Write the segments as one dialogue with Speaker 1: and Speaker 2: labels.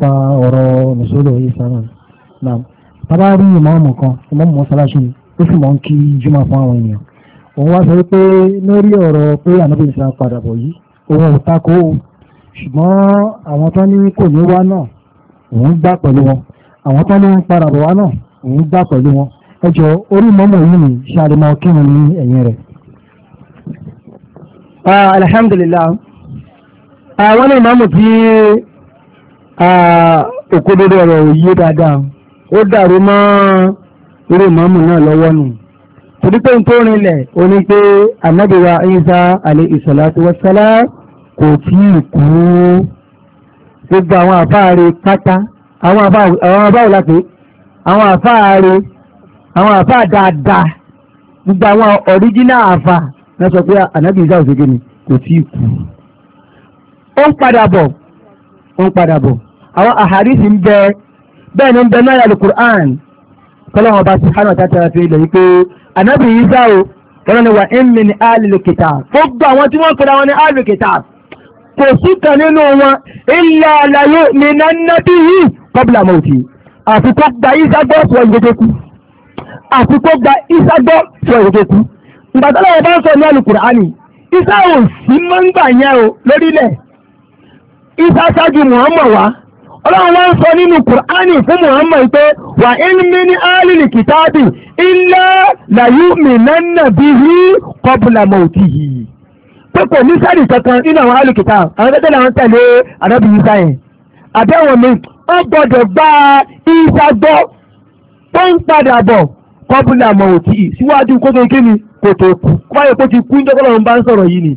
Speaker 1: pa ọ̀rọ̀ nùsọ́lọ̀ yìí sára náà bàbá rí ìmọ̀ọ́mù kan ìmọ̀ọ́mù mọ́sálásí ni ó sì mọ̀ ń kí jùmọ̀ fún àwọn ènìyàn òun wá sọ pé lórí ọ̀rọ̀ pé ànábì ìsà padà bọ̀ yìí òun ò takò ó ṣùgbọ́n àwọn tán ní kò ní wá náà òun gbà pẹ̀lú wọn àwọn tán ní padà bọ̀ wá náà òun gbà pẹ̀lú wọn ẹjọ́ orí mọ́mọ́ yìí ni ṣàlùmọ́ kírun ní ẹ̀yìn rẹ̀. Ah, alhamdulillah àwọn ah, ìmọ̀ọ́mù tí òkúdódó ọ̀rọ̀ òye dáadáa ó dàrú mọ́ irú mọ́mù náà lọ́wọ́ nù torí pé n tó rinlẹ̀ ó ní pé anábìwa Isa alayhi salatu wassalam kò tí ì kú gbogbo àwọn àfáàrí pátá àwọn àfáàrí láti àwọn àfáàrí àwọn àfáà dáadáa gbogbo àwọn ọ̀ríjínà àfà náà sọ pé anábì Isa òṣèké ni kò tí ì kú ó ń padà bọ̀ ó ń padà bọ̀ àwọn àhàrísì ń bẹ bẹ́ẹ̀ ni ń bẹ náírà alukur'an kọ́lọ́wọ́n ọba subhanahu wa ta'ala fi lè pé anabi isa o kọ́lọ́ ni wà ẹ̀mí ni alìlù kìtà gbogbo àwọn tí wọ́n kọ́ra wọn ní alìlù kìtà kò sí kan nínú wọn ilẹ̀ àlàyé mi náà nábì yìí kọ́bìlà mọ̀ọ́tì àfi kó gba isa gbọ́ sọ ìgbẹ́jẹ́ kú àfi gba isa gbọ́ sọ kú ìgbà bá ń sọ ọlọ́run wọ́n ń sọ nínú kùránì fún muhammad pé wà in min alìlì kìtàbì illa la yu'minanna bihi qabla mawtihi pé kò ní sáré kankan nínú àwọn alìlì kìtàbì àwọn tẹ́tẹ́ làwọn tẹ̀lé àdábì yìí sáyẹn àbẹ́wọ̀n mi ó gbọ́dọ̀ gba ìṣàgbọ́ tó ń padà bọ̀ qabla mawtihi síwájú kótó kí ni kòtò kú wáyé kó ti kú ní tọ́kọ́lọ́run bá ń sọ̀rọ̀ yìí ni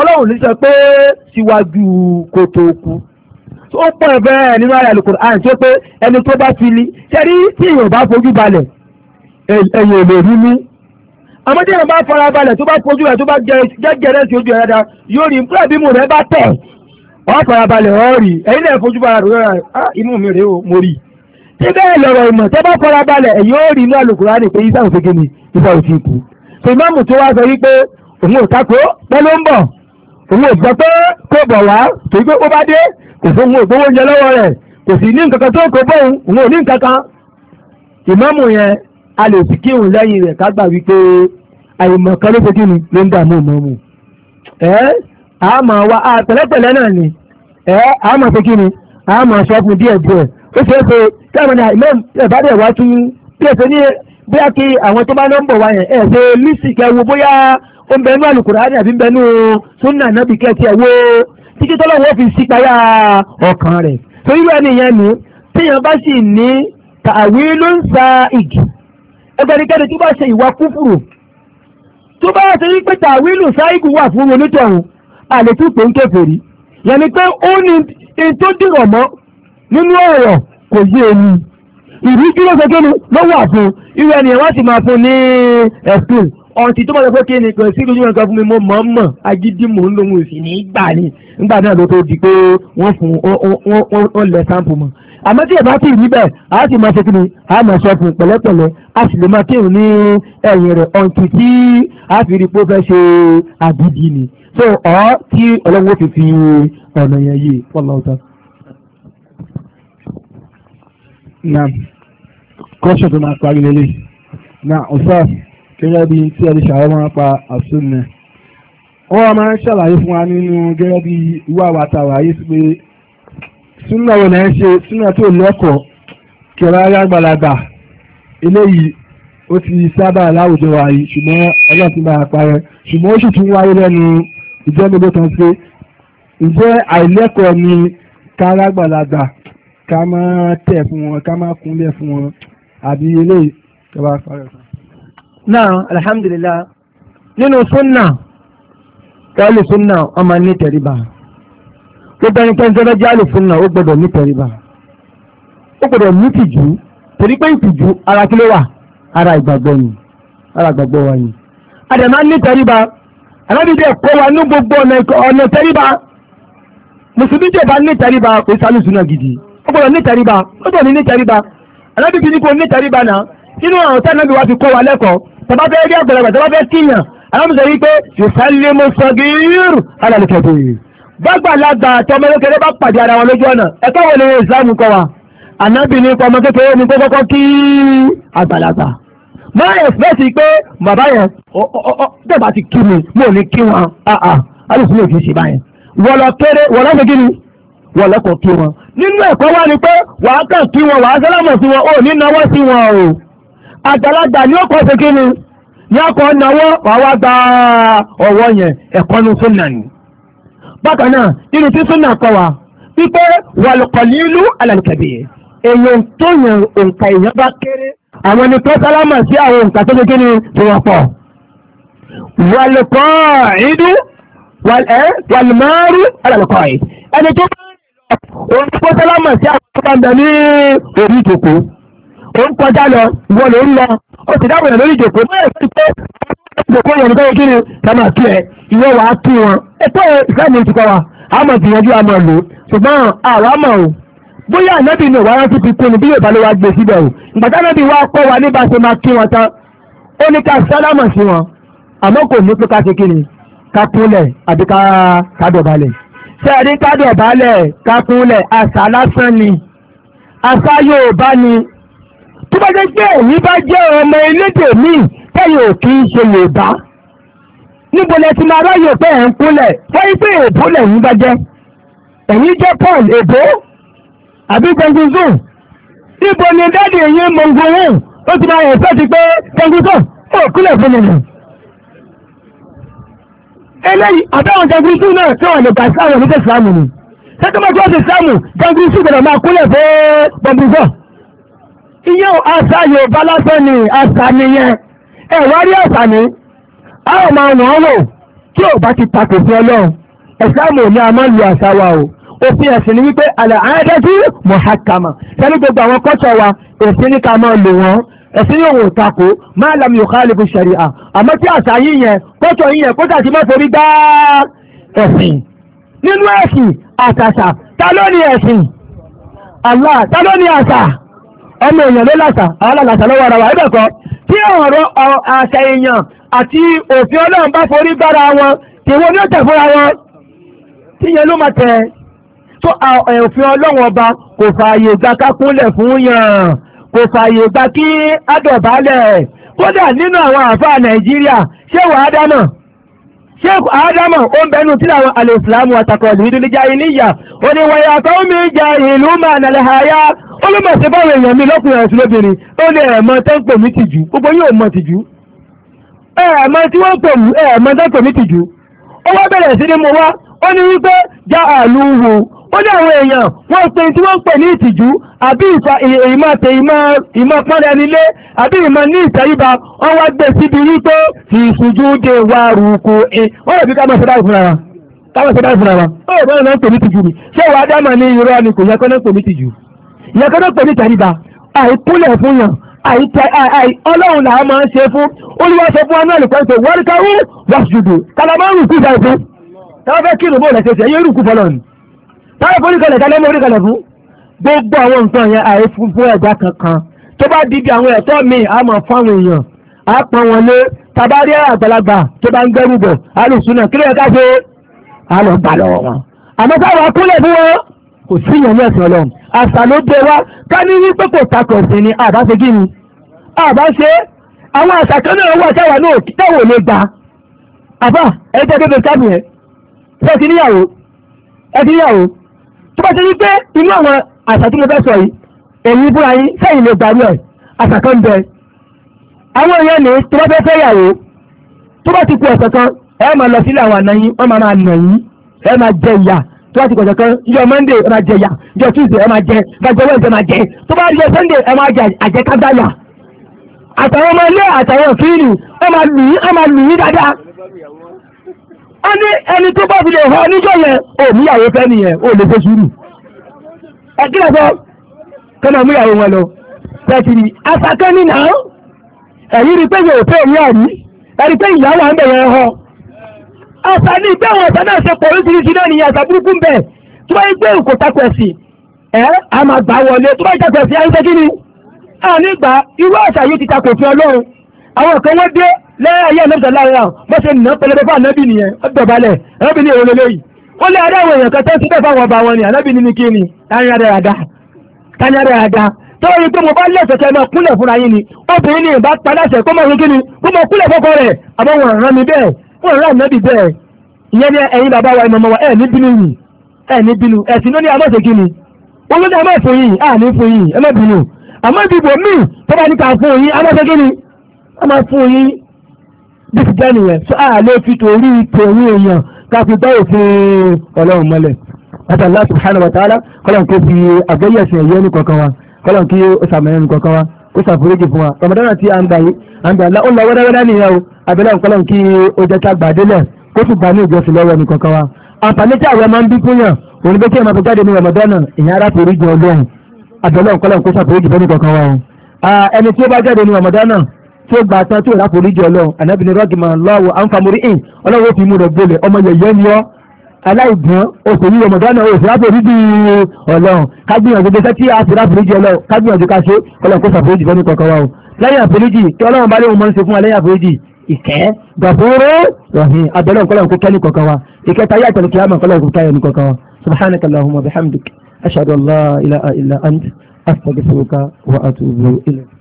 Speaker 1: ọlọ́run ní sọ pé síwájú kòtò kú tó pọ̀ ẹ̀fẹ́ nínú ayé Al-Qur'an tó pé ẹni tó bá fi ni ṣẹ́rí tí èèyàn bá fojú balẹ̀ ẹ̀yìn ò lè rí mú àmọ́ tí èèyàn bá fara balẹ̀ tó bá fojú rẹ̀ tó bá gẹ́gẹ́rẹ́ sí ojú ẹ̀ dáadáa yóò rí nípa bí mo rẹ̀ bá tẹ̀ ọ́ fara balẹ̀ ọ́ rí ẹ̀yin náà fojú balẹ̀ rẹ̀ ah imú mi rèé o mo rí tí bẹ́ẹ̀ lọ̀rọ̀ ìmọ̀ tó bá fara balẹ̀ ẹ̀yìn ó rí inú Al-Qur'an pé isa òfin kìíní isa òfin kù tó kò fún òun ògbówó oúnjẹ lọ́wọ́ rẹ̀ kò sì ní nǹkan kan tó kó bóun òun ò ní nǹkan kan ìmáàmù yẹn a lè sì kírun lẹ́yìn rẹ̀ ká gbà wípé àìmọ̀ kan ló ṣe kí ni ló ń dààmú ìmáàmù ẹ a máa wá a pẹ̀lẹ́pẹ̀lẹ́ náà ni ẹ a máa ṣe kí ni a máa sọ fún díẹ̀ díẹ̀ ó ṣeé ṣe táwọn ní àìmọ̀ ìbádẹ́ wá tún bí ẹ ní bóyá kí àwọn tó bá ń bọ̀ wá yẹn ẹ ṣe lísì kẹwo bóyá ó ń bẹnu àlùkùránì àbí ń bẹnu súnà nábì tiẹ̀ wo títí tọ́lọ́wọ́ fi sípayá ọkàn rẹ̀ so irú ẹni yẹn ni téèyàn bá sì ní tàwí ló ń sa ìgì ẹgbẹ́nikẹ́ni tó bá ṣe ìwà kúfùrù tó bá ṣe wípé tàwí ló sa ìgì wà fún onítọ̀hún àlètú pé ń kèfèrí yẹn ni pé ó ní in tó dìrọ̀ mọ́ nínú ọ̀rọ̀ kò yé ẹni ìrújú ló ṣe kéde lọ́wọ́ àfún irú ẹni yẹn wá sì máa fún ní ẹ̀sìn ọ̀ǹtì tó bá yẹ pé kí ni kò sí lójú ẹ̀ka fún mi mo mọ̀ mọ̀ agídí mò ń lòun sì ní gbà ni nígbà náà ló tó di pé wọ́n fún wọ́n lẹ̀ sáǹpù mọ̀ àmọ́ tí ìbá tí ì níbẹ̀ a sì máa ṣe kí ni a máa sọ fún pẹ̀lẹ́pẹ̀lẹ́ a sì lè máa kí ní ẹ̀yìn rẹ̀ ọ̀ǹtì tí a fi rí pé ó fẹ́ ṣe àgídí ni so ọ̀ tí ọlọ́run ó fi fi ọ̀nà yẹn yìí fọlọ́ọ̀tà. na kọ́ṣọ̀ tó máa parí lélẹ̀ na ọ̀sán gẹ́gẹ́ bí tí ẹni ṣàwọn máa pa àsúnnà wọ́n wá máa ń ṣàlàyé fún wa nínú gẹ́gẹ́ bí ìwà àwàtàwà yìí sí pé súnà wo náà ń ṣe súnà tó lẹ́kọ̀ọ́ kẹrẹ agbàlagbà eléyìí ó ti sábà láwùjọ wa yìí ṣùgbọ́n ọlọ́run ti máa parẹ́ ṣùgbọ́n ó sì tún wáyé lẹ́nu ìjẹ́ gbogbo kan pé ǹjẹ́ àìlẹ́kọ̀ọ́ ni kára àgbàlagbà ká máa tẹ̀ fún wọn ká máa kúnlẹ̀ fún wọn àbí eléyìí kẹwàá parẹ́ fún wọn náà alhamdulillah nínú súnà kálù súnà ọmọ ní tẹríba gbogbo ẹni pẹ́ńtẹ́ bá jálù súnà ó gbọ́dọ̀ ní tẹríba ó gbọ́dọ̀ ní tìjú torí pé ìtìjú ara kí ló wà ara ìgbàgbọ́ ni ara ìgbàgbọ́ wa ni àdàmà ní tẹríba àlábìdẹ kọ́ wa ní gbogbo ọ̀nà tẹríba mùsùlùmí jọba ní tẹríba kò sálùsùn náà gidi ó gbọ́dọ̀ ní tẹríba ó gbọ́dọ̀ ní tẹríba àlábìdẹ ní kò ní tẹríba náà nínú àwọn tẹ́lẹ̀ mi wá fi kọ́ wa lẹ́kọ̀ọ́ tọba fẹ́ rí àgbàlagbà tọba fẹ́ kíyàn alámùsọ̀ yìí pé ìfẹ́lẹ́ mo sọ gírù alàlùkẹ́bù yìí bàgbàlagbà àti ọmọ kékeré bá pàdé ara wọn lójú ọ̀nà ẹ̀kọ́ wo lè ìsìlámù kọ́ wa ànábì ní ọmọ kékeré ní kókókó kí àgbàlagbà máa ẹ̀fẹ́sì pé bàbá yẹn dẹ̀bà ti kí mi mo ní kí wọn ah, ah, alùpùpù lè fi ṣe báyẹn wọ̀lọ̀ kéré wọ̀lọ̀ fi kí ni wọ̀lọ̀ kò kí wọn nínú ẹ̀kọ́ wa ni pé wàá kàn kí wọn wàá sálámọ̀ sí wọn ò ní náwó sí wọn o àgbàlagbà ní ọkọ̀ ṣe kíni ní ọkọ̀ náwó wà gba ọwọ́ yẹn ẹ̀kọ́ ní súnà ni. bákan náà nínú tí súnà kọ wa wípé wàlùkọ̀ ní ìlú alàlùkẹ̀bì èèyàn tó yàn òǹkà èèyàn bá kéré àwọn ni tó sálámà sí àwọn òǹkà tó ṣe kíni tó wọ́n pọ̀. wàlùkọ̀ ìdú wàlùmọ́rú alàlùkọ̀ yìí ẹni tó bá ń lọ òǹkà tó sálámà sí àwọn òǹkà ó ń kọjá lọ ìwọ ló ń lọ ó sì dáwọ̀ lórí ìjòkó bẹ́ẹ̀ sí pé ìjòkó yẹn nítorí kí ni ká máa tú ẹ ìwọ wà á tú wọn ètò ìsìláàmù ti kọ wa a mọ̀ gbìyànjú a mọ̀ lò ṣùgbọ́n àwa mọ̀ o bóyá ànábì ni òwà rántí fi kún bí yóò bá ló wá gbé síbẹ̀ o ìgbàdá ànábì wa kọ́ wa níbà ṣe máa kí wọn tán ó ní ká sálámọ̀ sí wọn àmọ́ kò ní pé ká ṣe kí ni ká kúnlẹ̀ àbí ká dọ̀bálẹ̀ ṣé ẹni ká dọ̀bálẹ̀ ká kúnlẹ̀ àṣà lásán ni tó bá jẹ́ pé èmi bá jẹ́ ọmọ elédè míì tẹ́yìn ò kí ń ṣe Yorùbá níbo lẹ ti máa ráyè pé ẹ̀ ń kúnlẹ̀ fẹ́yìn pé èbó lẹ̀yìn bá jẹ́ ẹ̀yìn jẹ́ Paul èbó àbí gbẹngunzù níbo ni dáàdì yín mọ̀ngòwò ó ti máa ẹ̀fẹ́ ti pé gbẹngunzù ó kúnlẹ̀ fún mi nù. eléyìí àtàwọn gbẹngunzù náà tí wọn lè gbà sáwọn oníkẹ́sàmù ni sẹ́kọ̀mọ́tì wọ́n ti sáàmù gbẹngunzù gbọdọ̀ máa kúnlẹ̀ fún gbẹngunzù iye àṣà Yorùbá lásán ni àṣà nìyẹn ẹ̀wá rí àṣà ni a ò máa wọ̀n wò tí ò bá ti takò sí Ọlọ́run ẹ̀sìláàmù ni a máa ń lu àṣà wa o òfin ẹ̀sìn ni wípé àdájú mọ̀hákàmà sẹ́ni gbogbo àwọn kọ́ṣọ̀ wa èsì ní ká máa lò wọ́n ẹ̀sìn ní òun òtakò máa lam yóò káàlì fún ṣẹ̀rí à àmọ́ tí àṣà yìí yẹn kọ́ṣọ̀ yìí yẹn kọ́ṣà ti máa forí gbá ẹ̀sìn nínú ẹ̀sìn àtàṣà ta ló ní ẹ̀sìn Allah ta ló ní àṣà ọmọ èèyàn ló làṣà àwọn alàṣà lọ́wọ́ ara wa ẹ̀bẹ̀ kọ́ tí ọ̀rọ̀ àṣà èèyàn àti òfin ọlọ́run bá forí gbára wọn kì wọ́n ní ó tẹ̀ fúnra wọn tí yẹn ló máa tẹ̀ tó òfin ọlọ́run ọba kò fààyè gba kákúnlẹ̀ fún yàn kò fààyè gba kí ádọ̀bálẹ̀ kódà nínú àwọn àfáà nàìjíríà ṣé wàá dáná Sheik adama o ń bẹnu tí àwọn alìsìláàmù àtàkọ̀lù ìdílé jáyé níyà ní wọ́n yàtọ̀ ó mi ìlú máa nàlẹ́ àyà ó ló mọ̀ sí báwọn èèyàn mi lọ́kùnrin àti lóbìnrin ó ní ẹ̀mọ tó ń pè mí tìjú gbogbo yóò tìjú tí wọ́n pè ó ní àwọn èèyàn wọ́n pe tí wọ́n pè ní ìtìjú àbí ìmọ̀tẹ̀ ìmọ̀ pọ́nrẹ́ nílé àbí ìmọ̀ ní ìtẹríba wọ́n wá gbé síbi rí tó fi ìṣújú dé wa rùkù ẹ̀ ó rẹ̀ bí ká mọ̀ sọ́dá ìfúnra wa ká mọ̀ sọ́dá ìfúnra wa ó rẹ̀ bọ́ọ̀lù náà ń pè ní ìtìjú mi ṣé ìwà dámà ní irọ́ ni kò yẹ kọ́ náà ń pè ní ìtìjú yẹ kọ́ náà ń pè ní ìtẹríba àìkúlẹ̀ fún yàn ọlọ́run làá máa ń ṣe fún olúwa sọ fún anú àlùkò ẹ̀sẹ̀ wọ́n rí káwọ́ wọ́n ṣùdù kàlámà rùkù ìjà ìfún káwọ́ fẹ́ kí ìrùbọ̀ lẹ́sẹ̀ ẹ̀yẹ́ rùkù fọlọ́run táwọn foríkalẹ̀ tálẹ́ mọ́ foríkalẹ̀ fún gbogbo àwọn nǹkan yẹn àyè fún ẹ̀dá kankan tó bá di bí àwọn ẹ̀tọ́ mi a mọ̀ fún àwọn èèyàn a pọn wọn lé tabari àgbàlagbà tó bá ń gbẹ́rù bọ̀ alùsùn náà kílẹ̀ ká ṣe a lọ gbà lọ́wọ́ wọn. àmọ́ táwọn akúnlẹ̀ fún wọn kò sí ìyẹn ní ẹ̀sìn ọlọ́run àṣà ló dé wa ká ní wípé kò takọ̀ ẹ̀sìn ni àbá ṣe kíni àbá ṣe àwọn àṣà kan náà wà táwa náà táwọn ò lè gbà àbá ẹ jẹ́ bébè kábìyẹn ẹ ti níyàwó ẹ ti níyàwó tó bá ṣe wípé inú àwọn àṣà tí mo fẹ́ sọ yìí èyí búra yín sẹ́yìn lè gbàgbé ẹ̀ àṣà kan bẹ àwọn èèyàn ní tó bá fẹ́ fẹ́ yàwó tó bá ti ku ọ̀sẹ̀ kan ẹ máa lọ sílé àwọn àna yín wọ́n máa máa nà yín ẹ máa jẹ ìyà tó bá ti ku ọ̀sẹ̀ kan yọ monday ẹ máa jẹ ìyà yọ tuesday ẹ máa jẹ gbàgbé wednesday máa jẹ tó yọ sunday ẹ máa jẹ àjẹkágbáyà àtàwọn ọmọ ilé àtàwọn fíìlì ẹ a ní ẹni tó bá fi lè hàn níjọ́ yẹn ò níyàwó fẹ́ nìyẹn ò lè fẹ́ sùúrù ẹ̀kílẹ̀ sọ kọ́nà múyàwó wọn lọ tẹ̀sí ni asakẹ́ nínà ẹ̀yí rí pé yóò fẹ́ òun àrí ẹ̀rí pé ìyàwó à ń bẹ̀rẹ̀ hàn àṣà ní ìgbé àwọn àṣà náà ṣe pọ̀ oríṣiríṣi náà nìyẹn àṣà burúkú ń bẹ̀ tó bá gbé òkò takọ̀ ẹ̀sìn ẹ̀ a máa gbà wọlé tó bá takọ̀ ẹ̀sìn ayé ṣe kí ni àní gbà irú àṣà yìí ti takò fi Ọlọ́run àwọn kan wọ́n dé lẹ́yìn ayé ẹ̀nẹ́bìtà láàrin àwọn bó ṣe nà pẹlẹbẹ fún ànábì nìyẹn ọdọ̀balẹ̀ ànábì ní òrùlé yìí ó lé adáwọ̀ èèyàn kan tó ń síbẹ̀ fáwọn ọba wọn ni ànábì ní kí ni tani adáradá tani adáradá tó rí pé mo bá lẹ́sẹ̀ kẹ́ mọ́ kúnlẹ̀ fúnra yín ni obìnrin ni ìbá paláṣẹ kó mọ̀ kí ni kó mọ̀ kúnlẹ̀ fọ́kọ rẹ̀ àbọ̀ wọn rán mi bẹ́ẹ̀ wọn rán ànábì bẹ́ẹ̀ ìyẹn ni wa ìmọ̀mọ́ wa ẹ̀ ní ni olóde amọ̀ṣe yìí à ní fún yìí ẹ má bínú àmọ́ ìdìbò míì tó bá ní ká fún yín amọ̀ṣe kí ni a bí ti jẹ́ nìyẹn tó a lè fi torí torí èèyàn ká fi bá òfin ọlọ́run mọ́lẹ̀ àti Allah subhanahu wa ta'ala kọ́lọ́n kó fi àgbẹ̀yẹ̀ ẹ̀sìn ẹ̀yẹ́ ní kankan wa kọ́lọ́n kí ó sàmẹ́yẹ́ ní kankan wa kó sàforíjì fún wa Ramadan tí a ń gbà yìí a ń gbà lá ó lọ wẹ́rẹ́wẹ́rẹ́ nìyẹn o abẹ́lẹ́ kọ́lọ́n kí ó jẹ́ ká gbàdélẹ̀ kó tún gbà ní ìjọsìn lọ́wọ́ ní kankan wa àǹfààní tí àwẹ̀ máa ń bí fún yàn òun bẹ́ẹ̀ tí ẹ̀ máa fi jáde ní Ramadan ìyẹn ara foríjì ọlọ́run abẹ́lẹ́ kọ́lọ́n kó sàforíjì fún ẹnì kankan wa o ẹni tí ó bá jáde ní Ramadan tí ó gba tán tí ò láforíjì ọlọ́run ànábì ní rọ́gìmọ̀ lọ́wọ́ àǹfàmórí ìn ọlọ́wọ́ fi mú rẹ̀ bolẹ̀ ọmọ yẹ̀yẹ́ ni ọ́ aláìgbọ́n òṣèlú ọmọdánà òṣèlú àforíjì ọlọ́run kágbìyànjú gbèsè tí a sì láforíjì ọlọ́run kágbìyànjú ká ṣe ọlọ́run kó ṣàforíjì fẹ́ ní kọ̀ọ̀kan wa o lẹ́yìn àforíjì tí ọlọ́run bá léwu mọ́ ń ṣe fún wa lẹ́yìn àforíjì ìkẹ́ gbàfóró rọ̀hìn abẹ́lẹ́ ọ̀kọ́lọ́run kó kẹ́ ní kọ̀ọ̀kan wa ìkẹ́ tayé àtẹ̀lẹ́